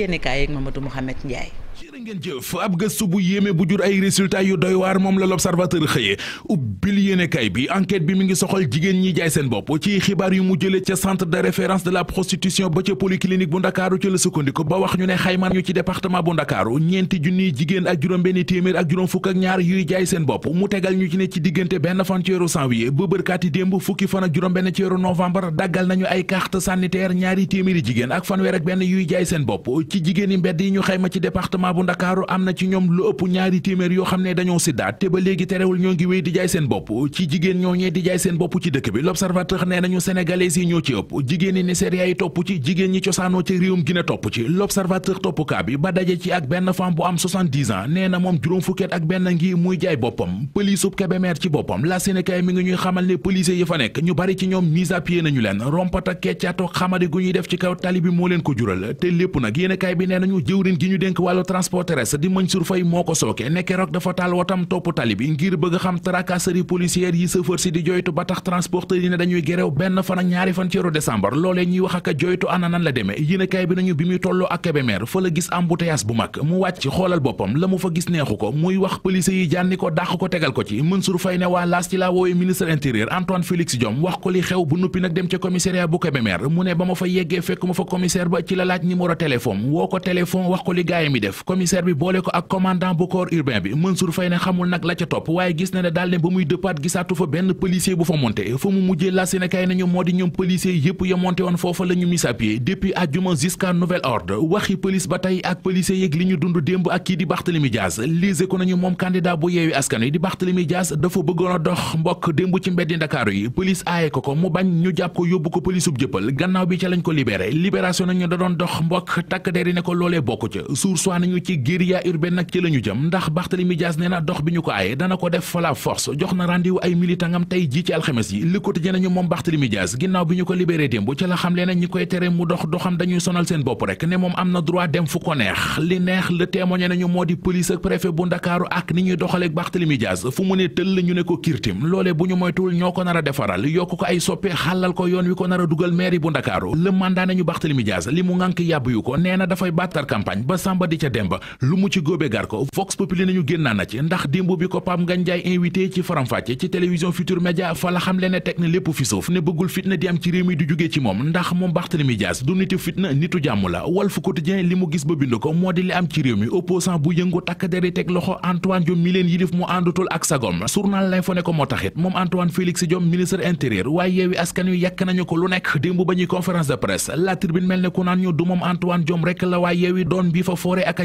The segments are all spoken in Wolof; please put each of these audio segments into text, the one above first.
yéenekaay yeeg Mamadou Mouhamed Ndiaye ci jërë ngeen jëf ab gëstu bu yéeme bu jur ay résultat yu doy waar moom la l'observateur xëyee ubbil yéenekaay bi enquête bi mu ngi soxal jigéen ñi jaay seen bopp ci xibaar yu mu jële ca centre de référence de la prostitution ba ca polyclinique bu ndakaaru ci la sukkandiku ba wax ñu ne xayma ñu ci département bu ndakaaru ñeenti junniy jigéen ak juróom benn téeméer ak juróom fukk ak ñaar yuy jaay seen bopp mu tegal ñu ci ne ci diggante benn fan ci weeru janvier bëbërkaati démb fukki fan ak ñaari téeméeri jigéen ak fanweer benn yuy jaay seen bopp ci jigéeni mbedd yi ñu xayma ci département bu ndakaaru am na ci ñoom lu ëpp ñaari téeméer yoo xam ne dañoo siddaat te ba léegi terewul ñoo ngi wéy di jaay seen bopp ci jigéen ñoo ñee di jaay seen bopp ci dëkk bi l'observateur nee nañu sénégalais yi ñoo jigéen ñi Nigéria yi topp ci jigéen cosaanoo ci réewum Gine topp ci l'observateur topp kaa bi ba daje ci ak benn femme bu am 70 ans nee na moom juróom fukket ak benn ngi muy jaay boppam pëlisub Kébémer ci boppam la Sénégal mi ngi ñuy xamal ne policier yi fa nekk ñu bari ci ñoom mise à nañu leen rompat ak keccaato xamadi def ci kaw tali bi moo leen ko jural lépp nag yéenekaay bi nee nañu jëwrin gi ñu dénk wàllu transport di Mansour Faye moo ko sooke ne keroog dafa taal watam topp tali ngir bëgg xam tracasserie policière yi chauffeur si di joytu ba tax transporteur ne dañuy gerew benn fan ñaari fan ceeru décembre loolee ñuy wax joytu ana la demee yéenekaay bi nañu bi muy tolloo ak Kébémer fa la gis embouteillage bu mag mu wàcc xoolal boppam la mu fa gis neexu ko muy wax police yi jànni ko dàq ko tegal ko ci Mansour Faye ne waa laas ci laa woowee ministre def commissaire bi boole ko ak commandant bu corps urbain bi Mansour Faye ne xamul nag la ca topp waaye gis na ne daal ne ba muy dëppaat gisaatu fa benn policier bu fa monte fa mu mujjee la Sénégal nañu moo di ñoom policier yëpp ya monté woon foofa la ñu mis à pied depuis àjjuma jusqu'à nouvel ordre waxi police ba tey ak policier yeeg li ñu dund démb ak kii di Barthélémy Dias lise ko nañu moom candidat bu yeewi askan wi di Barthélémy Dias dafa bëggoon a dox mbokk démb ci mbeddi Ndakaaru yi police ko ko mu bañ ñu jàpp ko ko police ub gannaaw bi ca lañ ko libéré libération nañu da doon dox mbokk takk deri ne ko bokk ca nañu ci guérilla urbaine nag ci la ñu jëm ndax Barthélemy Dias nee na dox ne moom am na droit dem fu ko neex li neex le témoigné nañu moo di police ak préfet bu Ndakaaru ak ni ñuy doxaleek Barthélemy Dias fu mu ne tëll ñu ne ko kirtim loolee bu ñu moytuwul ñoo ko nar a defaral yokk ko ay soppe xàllal ko yoon wi ko nar a dugal mairie bu Ndakaaru le mandat nañu Barthélemy Dias li mu ngànk yàbb yu ko nee dafay battar campagne ba sàmba di ca dem demba lu mu ci góobe gar ko vox populi nañu génnaa ci ndax démb bi ko Pape Ngagne Ndiaye invité ci faram ci télévision Futur Média fa xam le teg na lépp fi ne bëggul fitna di am ci réew mi di jógee ci moom ndax moom Barthélémy Dias du nitu fitna nitu jàmm la Walf Quotidien li mu gis ba bind ko moo di li am ci réew mi opposant bu yëngu takk deri teg loxo Antoine Diome mi leen yilif mu àndutul ak sagom journal L'Info ne ko moo taxit moom Antoine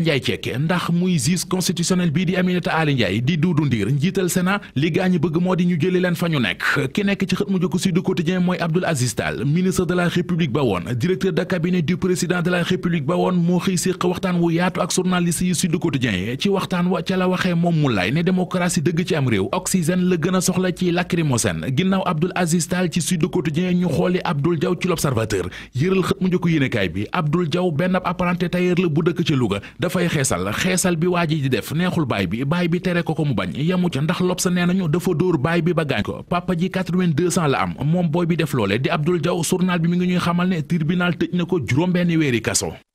Ndiaye cekke ndax muy juge constitutionnel bii di Aminata Aly Ndiaye di Doudou Ndir njiital Sénat li gaa bëgg moo di ñu jëli leen fa ñu nekk ki nekk ci xët mu jëkk Sud Quotidien mooy Abdoul Aziz Tall ministre de la République ba woon directeur de cabinet du président de la République ba woon moo xëy séq waxtaan wu yaatu ak journaliste yi Sud Quotidien yi ci waxtaan wa ca la waxee moom mu lay ne démocratie dëgg ci am réew oxygène la gën a soxla ci ci Sud Quotidien la dafay xeesal xeesal bi waa ji di def neexul baay bi baay bi tere ko ko mu bañ yamu ca ndax lob nee nañu dafa dóor baay bi ba gaañ ko papa ji 82 ans la am moom booy bi def loole di Abdoul Diaw journal bi mi ngi ñuy xamal ne tribunal tëj na ko juróom-benn weeri kaso